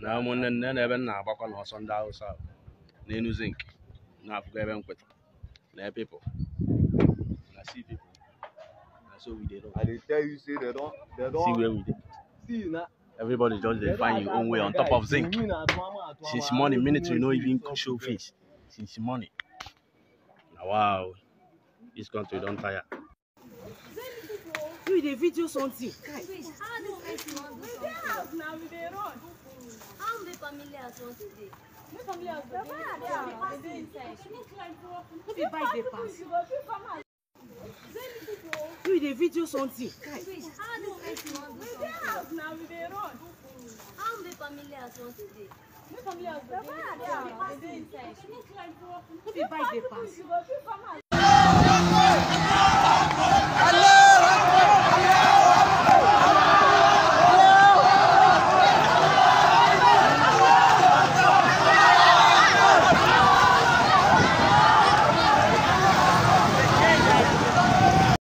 na ụmụnne nne na ebe m na-agbakọ ndị Hausa n'elu zinc na-afụgo ebe nkweta na people na see people na so we dey I dey tell you say they don they don see where we dey see na everybody just dey find your own way on top of zinc since morning military no even show face since morning na wow this country don tire. you dey video something family Who the pass? You dey video something. How do We dey house now we dey run. How many family house once a day? No family house but they need to come out. They dey inside. Who be buy the pass?